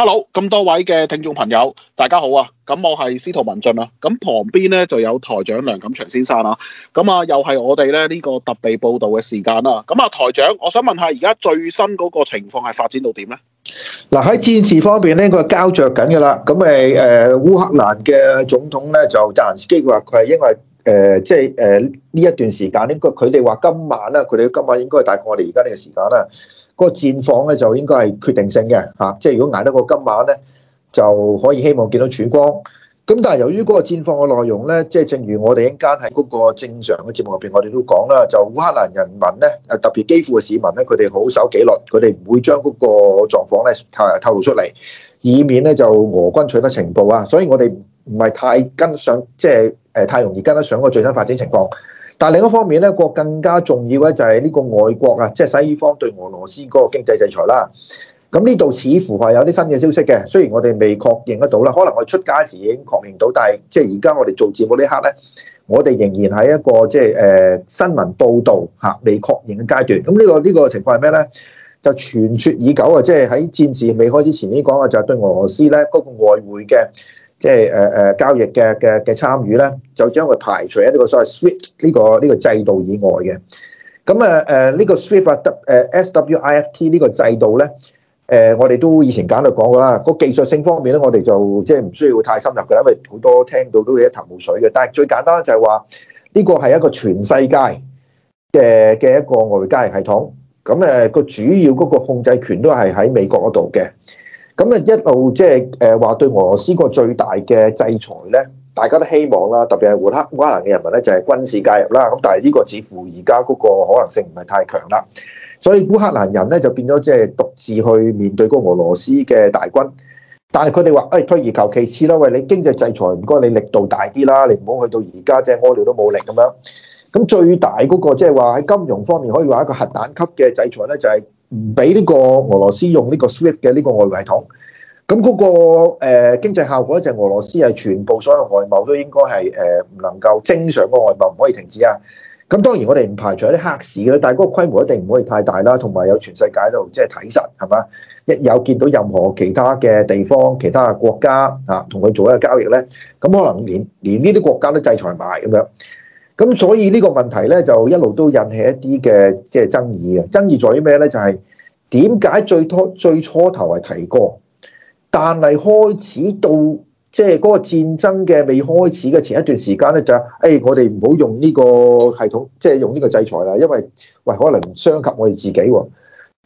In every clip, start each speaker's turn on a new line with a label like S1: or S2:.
S1: hello，咁多位嘅聽眾朋友，大家好啊！咁我係司徒文進啊。咁旁邊咧就有台長梁錦祥先生啦、啊，咁啊又係我哋咧呢、這個特備報道嘅時間啦、啊，咁啊台長，我想問下而家最新嗰個情況係發展到點咧？
S2: 嗱喺戰事方面咧，佢係膠着緊噶啦，咁誒誒，烏、呃、克蘭嘅總統咧就澤連斯基佢話佢係因為誒、呃、即係誒呢一段時間咧，佢佢哋話今晚啦，佢哋今晚應該係大概我哋而家呢個時間啦。個戰況咧就應該係決定性嘅嚇、啊，即係如果捱得過今晚咧，就可以希望見到曙光。咁但係由於嗰個戰況嘅內容咧，即係正如我哋一間喺嗰個正常嘅節目入邊，我哋都講啦，就烏克蘭人民咧，特別基輔嘅市民咧，佢哋好守紀律，佢哋唔會將嗰個狀況咧透透露出嚟，以免咧就俄軍取得情報啊。所以我哋唔係太跟得上，即係誒太容易跟得上個最新發展情況。但另一方面咧，個更加重要嘅就係呢個外國啊，即係西方對俄羅斯嗰個經濟制裁啦。咁呢度似乎係有啲新嘅消息嘅，雖然我哋未確認得到啦，可能我哋出街之前已經確認到，但係即係而家我哋做節目呢刻咧，我哋仍然喺一個即係誒新聞報導嚇未確認嘅階段。咁呢個呢個情況係咩咧？就傳説已久啊，即係喺戰事未開之前已經講啊，就係對俄羅斯咧嗰個外匯嘅。即係誒誒交易嘅嘅嘅參與咧，就將佢排除喺呢個所謂 SWIFT 呢個呢個制度以外嘅。咁啊誒呢個 SWIFT 得誒 SWIFT 呢個制度咧，誒我哋都以前簡略講過啦。個技術性方面咧，我哋就即係唔需要太深入嘅，因為好多聽到都會一頭霧水嘅。但係最簡單就係話，呢個係一個全世界嘅嘅一個外匯交易系統。咁誒個主要嗰個控制權都係喺美國嗰度嘅。咁啊一路即係誒話對俄羅斯個最大嘅制裁咧，大家都希望啦，特別係胡克烏克蘭嘅人民咧就係、是、軍事介入啦。咁但係呢個似乎而家嗰個可能性唔係太強啦。所以烏克蘭人咧就變咗即係獨自去面對嗰個俄羅斯嘅大軍。但係佢哋話，誒、哎、退而求其次啦，喂你經濟制裁唔該你力度大啲啦，你唔好去到而家即係屙尿都冇力咁樣。咁最大嗰個即係話喺金融方面可以話一個核彈級嘅制裁咧，就係、是。唔俾呢個俄羅斯用呢個 Swift 嘅呢個外匯系統，咁嗰、嗰個誒、呃、經濟效果就係俄羅斯係全部所有外貿都應該係誒唔能夠正常個外貿，唔可以停止啊！咁當然我哋唔排除一啲黑市嘅，但係嗰個規模一定唔可以太大啦，同埋有全世界度即係睇實係嘛？一有見到任何其他嘅地方、其他嘅國家啊同佢做一個交易呢，咁可能連連呢啲國家都制裁埋咁樣。咁所以呢個問題咧，就一路都引起一啲嘅即係爭議嘅。爭議在於咩咧？就係點解最初最初頭係提過，但係開始到即係嗰個戰爭嘅未開始嘅前一段時間咧，就誒、是哎、我哋唔好用呢個系統，即、就、係、是、用呢個制裁啦。因為喂可能傷及我哋自己喎。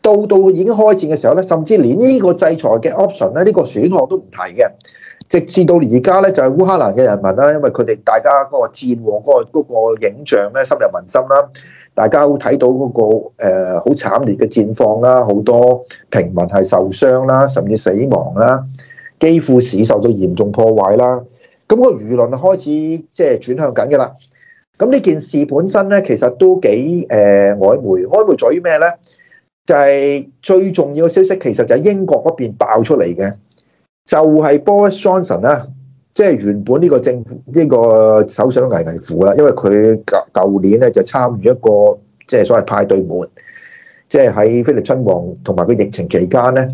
S2: 到到已經開戰嘅時候咧，甚至連呢個制裁嘅 option 咧，呢個選項都唔提嘅。直至到而家咧，就係、是、烏克蘭嘅人民啦，因為佢哋大家嗰個戰禍嗰個影像咧，深入民心啦。大家會睇到嗰、那個好、呃、慘烈嘅戰況啦，好多平民係受傷啦，甚至死亡啦，幾乎市受到嚴重破壞啦。咁個輿論開始即係轉向緊嘅啦。咁呢件事本身咧，其實都幾誒、呃、曖昧。曖昧在於咩咧？就係、是、最重要嘅消息，其實就喺英國嗰邊爆出嚟嘅。就係 Boris Johnson 啦，即、就、係、是、原本呢個政府呢，這個首相危危乎啦，因為佢舊舊年咧就參與一個即係、就是、所謂派對門，即係喺菲臘親王同埋佢疫情期間咧，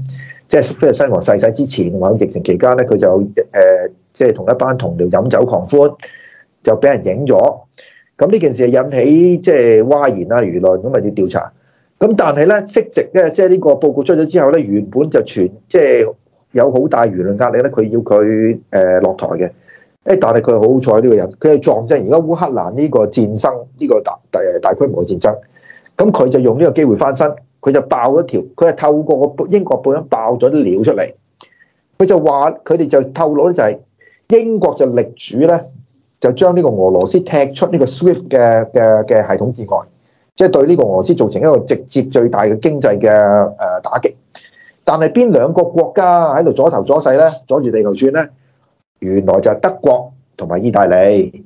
S2: 即、就、係、是、菲臘親王逝世、世之前同埋疫情期間咧，佢就誒即係同一班同僚飲酒狂歡，就俾人影咗。咁呢件事係引起即係嘩然啦，輿論咁咪要調查。咁但係咧，息席咧，即係呢個報告出咗之後咧，原本就全即係。就是有好大輿論壓力咧，佢要佢誒落台嘅，誒，但係佢好彩呢個人，佢係撞正而家烏克蘭呢個戰爭呢個大大規模嘅戰爭，咁佢就用呢個機會翻身，佢就爆一條，佢係透過個英國報紙爆咗啲料出嚟，佢就話佢哋就透露咧就係英國就力主咧就將呢個俄羅斯踢出呢個 SWIFT 嘅嘅嘅系統之外，即係對呢個俄羅斯造成一個直接最大嘅經濟嘅誒打擊。但係邊兩個國家喺度阻頭阻勢咧？阻住地球轉咧？原來就係德國同埋意大利。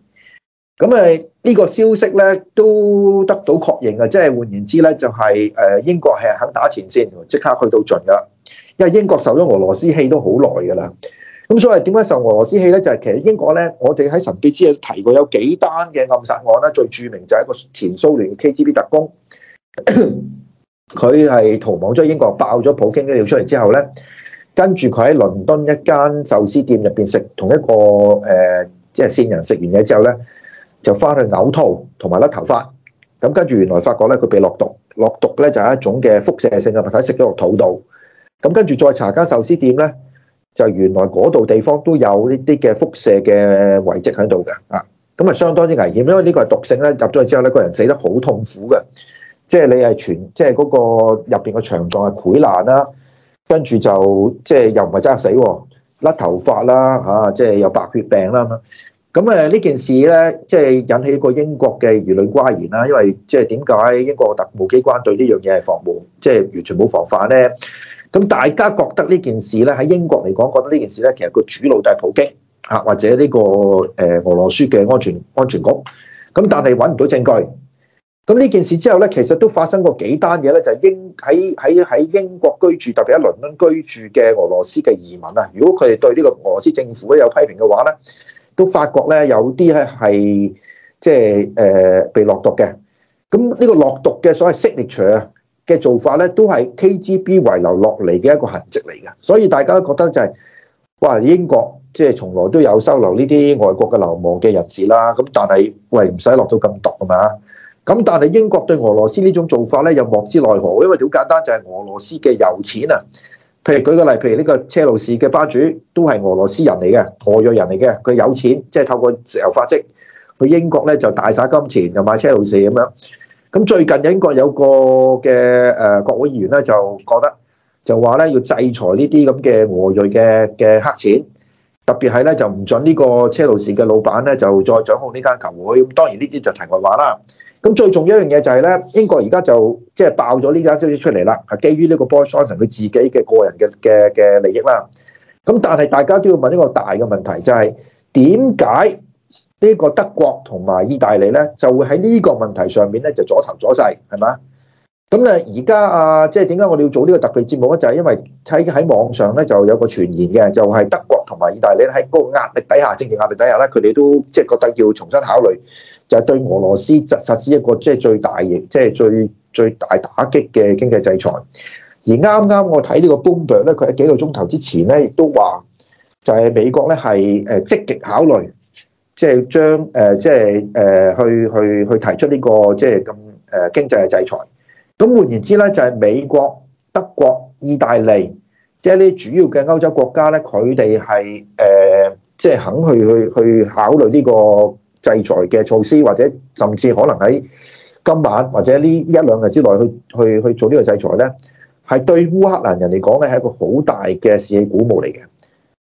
S2: 咁誒呢個消息咧都得到確認啊！即係換言之咧，就係、是、誒英國係肯打前線，即刻去到盡噶啦。因為英國受咗俄羅斯氣都好耐噶啦。咁所以點解受俄羅斯氣咧？就係、是、其實英國咧，我哋喺神秘之夜提過有幾單嘅暗殺案啦。最著名就係一個前蘇聯嘅 KGB 特工。 佢係逃亡咗英國，爆咗普京啲料出嚟之後咧，跟住佢喺倫敦一間壽司店入邊食同一個誒，即係線人食完嘢之後咧，就返去嘔吐同埋甩頭髮。咁跟住原來發覺咧，佢被落毒，落毒咧就係一種嘅輻射性嘅物體食咗落肚度。咁跟住再查間壽司店咧，就原來嗰度地方都有呢啲嘅輻射嘅遺跡喺度嘅啊。咁啊，相當之危險，因為呢個係毒性咧，入咗去之後咧，個人死得好痛苦嘅。即係你係全，即係嗰個入邊個腸臟係潰爛啦、啊，跟住就即係又唔係揸係死、啊，甩頭髮啦、啊、嚇、啊，即係又白血病啦、啊、咁。咁誒呢件事咧，即係引起個英國嘅輿論嘩然啦，因為即係點解英國特務機關對呢樣嘢係防護，即係完全冇防範咧？咁大家覺得呢件事咧喺英國嚟講，覺得呢件事咧其實個主腦都係普京啊，或者呢個誒俄羅斯嘅安全安全局。咁、啊、但係揾唔到證據。咁呢件事之後咧，其實都發生過幾單嘢咧，就係、英喺喺喺英國居住，特別喺倫敦居住嘅俄羅斯嘅移民啊，如果佢哋對呢個俄羅斯政府有批評嘅話咧，都發覺咧有啲咧係即係誒被落毒嘅。咁呢個落毒嘅所謂 selective 嘅做法咧，都係 KGB 遺留落嚟嘅一個痕跡嚟嘅。所以大家都覺得就係、是、哇，英國即係從來都有收留呢啲外國嘅流亡嘅日子啦。咁但係喂唔使落到咁毒係嘛？咁但係英國對俄羅斯呢種做法咧又莫之奈何，因為好簡單，就係俄羅斯嘅油錢啊。譬如舉個例，譬如呢個車路士嘅班主都係俄羅斯人嚟嘅俄裔人嚟嘅，佢有錢，即係透過石油發跡，去英國咧就大晒金錢，就買車路士咁樣。咁最近英國有個嘅誒國會議員咧就覺得就話咧要制裁呢啲咁嘅俄裔嘅嘅黑錢，特別係咧就唔準呢個車路士嘅老闆咧就再掌控呢間球會。咁當然呢啲就題外話啦。咁最重要一樣嘢就係咧，英國而家就即係爆咗呢間消息出嚟啦，係基於呢個 Boris Johnson 佢自己嘅個人嘅嘅嘅利益啦。咁但係大家都要問一個大嘅問題，就係點解呢個德國同埋意大利咧就會喺呢個問題上面咧就阻頭阻勢，係嘛？咁咧而家啊，即係點解我哋要做呢個特別節目咧？就係、是、因為喺喺網上咧就有個傳言嘅，就係德國同埋意大利喺個壓力底下，政治壓力底下咧，佢哋都即係覺得要重新考慮。就對俄羅斯實施一個即係最大型、即、就、係、是、最最大打擊嘅經濟制裁而剛剛。而啱啱我睇呢個 Bloomberg o 咧，佢喺幾個鐘頭之前咧，亦都話就係美國咧係誒積極考慮，即係將誒即係誒去去去，去提出呢、這個即係咁誒經濟嘅制裁。咁換言之咧，就係、是、美國、德國、意大利，即係呢主要嘅歐洲國家咧，佢哋係誒即係肯去去去考慮呢、這個。制裁嘅措施，或者甚至可能喺今晚或者呢一兩日之內去去去做呢個制裁咧，係對烏克蘭人嚟講咧係一個好大嘅士氣鼓舞嚟嘅。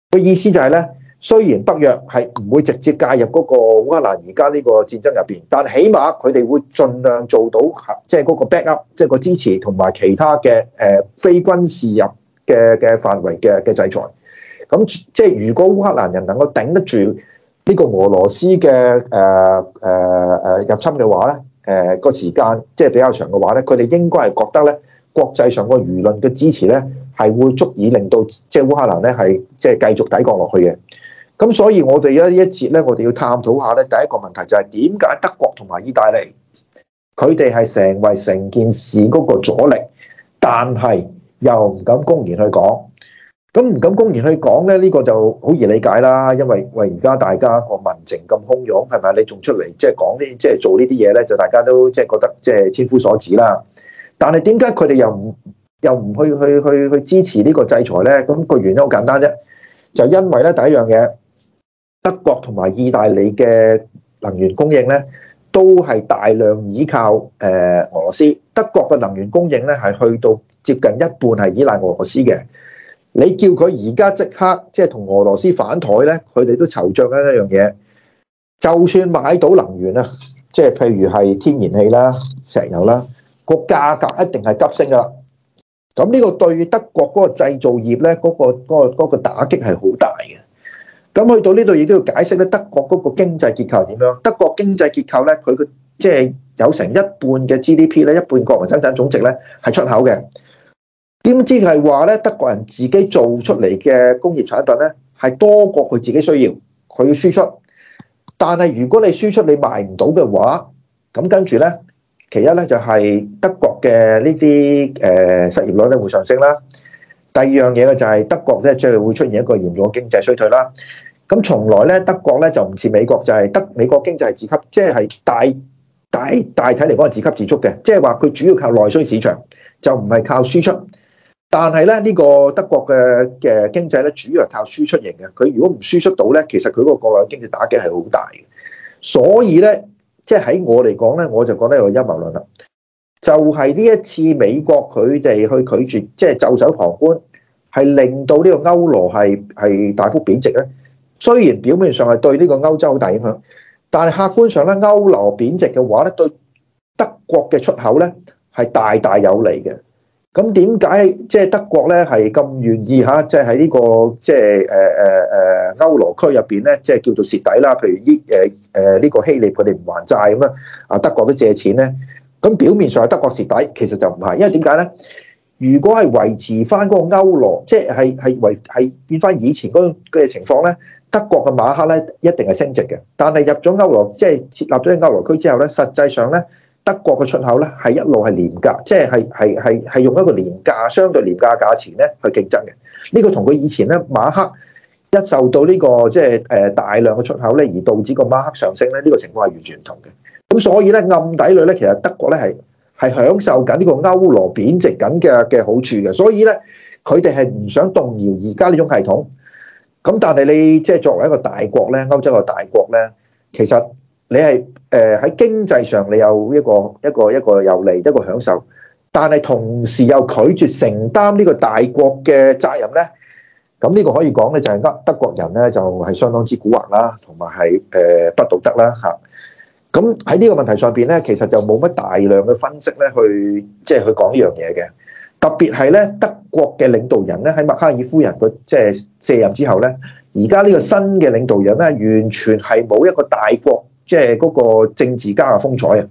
S2: 個意思就係咧，雖然北約係唔會直接介入嗰個烏克蘭而家呢個戰爭入邊，但起碼佢哋會盡量做到即係嗰個 back up，即係個支持同埋其他嘅誒非軍事入嘅嘅範圍嘅嘅制裁。咁即係如果烏克蘭人能夠頂得住。呢個俄羅斯嘅誒誒誒入侵嘅話咧，誒、呃、個時間即係比較長嘅話咧，佢哋應該係覺得咧國際上個輿論嘅支持咧係會足以令到即係烏克蘭咧係即係繼續抵抗落去嘅。咁所以我哋而家呢一節咧，我哋要探討下咧第一個問題就係點解德國同埋意大利佢哋係成為成件事嗰個阻力，但係又唔敢公然去講。咁唔敢公然去講咧，呢個就好易理解啦。因為喂，而家大家個民情咁洶湧，係咪？你仲出嚟即係講呢，即係做呢啲嘢咧，就大家都即係覺得即係千夫所指啦。但係點解佢哋又唔又唔去去去去支持呢個制裁咧？咁個原因好簡單啫，就因為咧第一樣嘢，德國同埋意大利嘅能源供應咧，都係大量依靠誒俄羅斯。德國嘅能源供應咧係去到接近一半係依賴俄羅斯嘅。你叫佢而家即刻即係同俄羅斯反台咧，佢哋都籌著緊一樣嘢。就算買到能源啦，即係譬如係天然氣啦、石油啦，個價格一定係急升噶啦。咁呢個對德國嗰個製造業咧，嗰個嗰個嗰個打擊係好大嘅。咁去到呢度亦都要解釋咧，德國嗰個經濟結構點樣？德國經濟結構咧，佢嘅即係有成一半嘅 GDP 咧，一半國民生產總值咧係出口嘅。點知係話咧？德國人自己做出嚟嘅工業產品咧，係多過佢自己需要，佢要輸出。但係如果你輸出你賣唔到嘅話，咁跟住咧，其一咧就係德國嘅呢啲誒失業率咧會上升啦。第二樣嘢咧就係德國咧，即係會出現一個嚴重嘅經濟衰退啦。咁從來咧德國咧就唔似美國，就係德美國經濟係自給，即係係大大大體嚟講係自給自足嘅，即係話佢主要靠內需市場，就唔係靠輸出。但係咧，呢個德國嘅嘅經濟咧，主要係靠輸出型嘅。佢如果唔輸出到咧，其實佢個國內經濟打擊係好大嘅。所以咧，即係喺我嚟講咧，我就覺得有個陰謀論啦。就係呢一次美國佢哋去拒絕，即係袖手旁觀，係令到呢個歐羅係係大幅貶值咧。雖然表面上係對呢個歐洲好大影響，但係客觀上咧，歐羅貶值嘅話咧，對德國嘅出口咧係大大有利嘅。咁點解即係德國咧係咁願意吓、這個，即係喺呢個即係誒誒誒歐羅區入邊咧，即、就、係、是、叫做蝕底啦。譬如依誒誒呢個希臘，佢哋唔還債咁啊，啊德國都借錢咧。咁表面上係德國蝕底，其實就唔係，因為點解咧？如果係維持翻嗰個歐羅，即係係係維繫變翻以前嗰嘅情況咧，德國嘅馬克咧一定係升值嘅。但係入咗歐羅，即係設立咗歐羅區之後咧，實際上咧。德國嘅出口咧，係一路係廉價，即係係係係用一個廉價、相對廉價價錢咧去競爭嘅。呢個同佢以前咧馬克一受到呢個即係誒大量嘅出口咧，而導致個馬克上升咧，呢個情況係完全唔同嘅。咁所以咧暗底裏咧，其實德國咧係係享受緊呢個歐羅貶值緊嘅嘅好處嘅，所以咧佢哋係唔想動搖而家呢種系統。咁但係你即係作為一個大國咧，歐洲嘅大國咧，其實。你係誒喺經濟上，你有一個一個一個有利一個享受，但係同時又拒絕承擔呢個大國嘅責任咧。咁呢個可以講咧，就係德德國人咧就係相當之蠱惑啦，同埋係誒不道德啦嚇。咁喺呢個問題上面咧，其實就冇乜大量嘅分析咧，去即係去講呢樣嘢嘅。特別係咧德國嘅領導人咧，喺默克爾夫人即係卸任之後咧，而家呢個新嘅領導人咧，完全係冇一個大國。即係嗰個政治家嘅風采啊！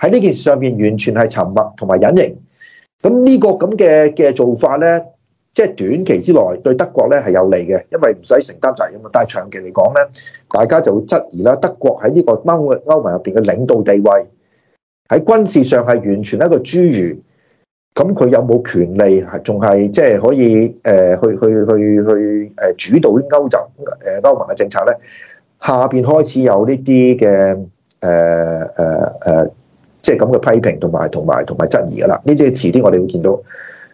S2: 喺呢件事上邊完全係沉默同埋隱形。咁呢個咁嘅嘅做法咧，即係短期之內對德國咧係有利嘅，因為唔使承擔責任啊。但係長期嚟講咧，大家就會質疑啦。德國喺呢個歐歐盟入邊嘅領導地位，喺軍事上係完全一個侏儒。咁佢有冇權利？係仲係即係可以誒去去去去誒主導歐洲誒歐盟嘅政策咧？下邊開始有呢啲嘅誒誒誒，即係咁嘅批評同埋同埋同埋質疑噶啦。呢啲遲啲我哋會見到。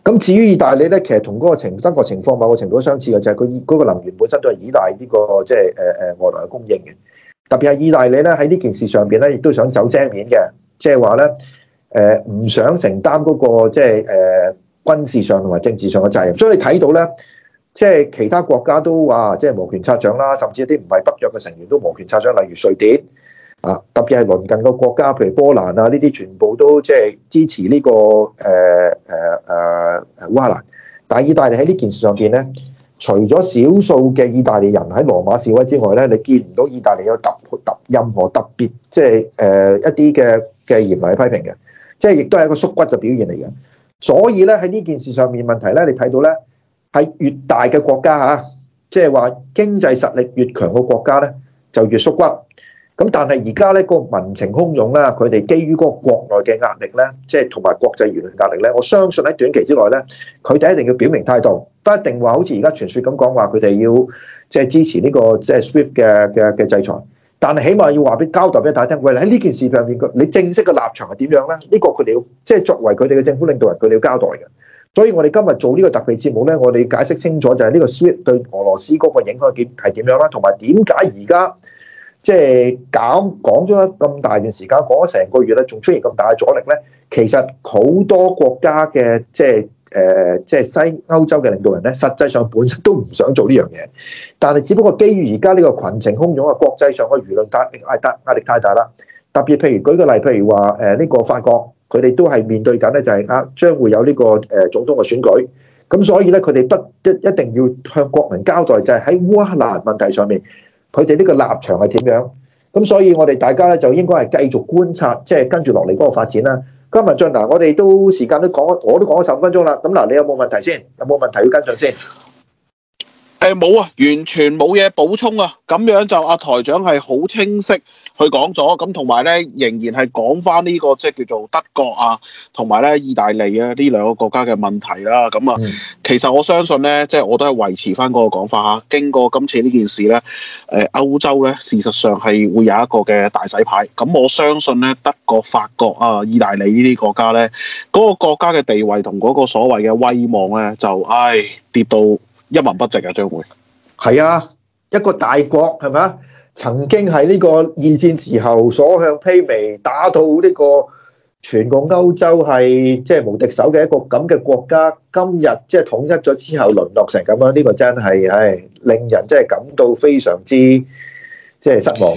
S2: 咁至於意大利咧，其實同嗰個情德國情況某個程度都相似嘅，就係佢嗰個能源本身都係倚賴呢、那個即係誒誒外來嘅供應嘅。特別係意大利咧喺呢件事上邊咧，亦都想走精面嘅，即係話咧誒唔想承擔嗰、那個即係誒軍事上同埋政治上嘅責任。所以你睇到咧。即係其他國家都話，即係無權拆掌啦，甚至一啲唔係北約嘅成員都無權拆掌，例如瑞典啊，特別係鄰近嘅國家，譬如波蘭啊，呢啲全部都即係支持呢個誒誒誒誒烏克蘭。但係意大利喺呢件事上邊咧，除咗少數嘅意大利人喺羅馬示威之外咧，你見唔到意大利有特特任何特別即係誒、呃、一啲嘅嘅嚴厲批評嘅，即係亦都係一個縮骨嘅表現嚟嘅。所以咧喺呢件事上面問題咧，你睇到咧。喺越大嘅國家嚇，即係話經濟實力越強嘅國家咧，就越縮骨。咁但係而家咧個民情洶湧啦，佢哋基於嗰個國內嘅壓力咧，即係同埋國際輿論壓力咧，我相信喺短期之內咧，佢哋一定要表明態度，不一定話好似而家傳説咁講話佢哋要即係支持呢個即係 SWIFT 嘅嘅嘅制裁。但係起碼要話俾交代俾大家聽，喂，喺呢件事上面，你正式嘅立場係點樣咧？呢個佢哋要即係作為佢哋嘅政府領導人，佢哋要交代嘅。所以我哋今日做呢個特別節目呢，我哋解釋清楚就係呢個 SWIFT 對俄羅斯嗰個影響點係點樣啦，同埋點解而家即係搞講咗咁大段時間，講咗成個月咧，仲出現咁大嘅阻力呢。其實好多國家嘅即係誒，即係、呃、西歐洲嘅領導人呢，實際上本身都唔想做呢樣嘢，但係只不過基於而家呢個群情洶湧啊，國際上嘅輿論壓壓力壓力太大啦。特別譬如舉個例，譬如話誒呢個法國。佢哋都係面對緊咧，就係啊，將會有呢個誒總統嘅選舉，咁所以咧，佢哋不一一定要向國民交代，就係、是、喺烏克蘭問題上面，佢哋呢個立場係點樣？咁所以，我哋大家咧就應該係繼續觀察，即、就、係、是、跟住落嚟嗰個發展啦。今日文進嗱，我哋都時間都講咗，我都講咗十五分鐘啦。咁嗱，你有冇問題先？
S1: 有冇問題要跟進先？誒，冇啊，完全冇嘢補充啊，咁樣就阿台長係好清晰去講咗，咁同埋咧仍然係講翻呢個即係叫做德國啊，同埋咧意大利啊呢兩個國家嘅問題啦，咁啊，其實我相信咧，即係我都係維持翻嗰個講法嚇。經過今次呢件事咧，誒、呃、歐洲咧事實上係會有一個嘅大洗牌。咁我相信咧德國、法國啊、意大利呢啲國家咧，嗰、嗰個國家嘅地位同嗰個所謂嘅威望咧，就唉跌到。一文不值啊，將會係啊，一個大國係咪啊？曾經喺呢個二
S2: 戰時候所向披靡，打到呢個全個歐洲係即係無敵手嘅一個咁嘅國家，今日即係統一咗之後，淪落成咁樣，呢個真係唉，令人即係感到非常之即係失望。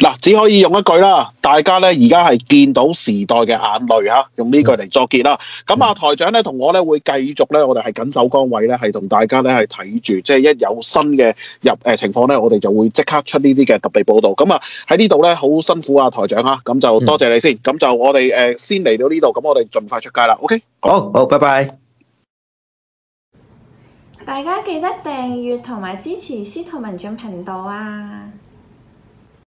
S1: 嗱，只可以用一句啦，大家咧而家係見到時代嘅眼淚哈，用呢句嚟作結啦。咁啊，台長咧同我咧會繼續咧，我哋係緊守崗位咧，係同大家咧係睇住，即係一有新嘅入誒、呃、情況咧，我哋就會即刻出呢啲嘅特備報道。咁啊，喺呢度咧好辛苦啊，台長啊，咁就多謝你先。咁就我哋誒、呃、先嚟到呢度，咁我哋盡快出街啦。OK，好好，拜拜。Bye bye 大家記得訂閱同埋支持司徒文進
S2: 頻道啊！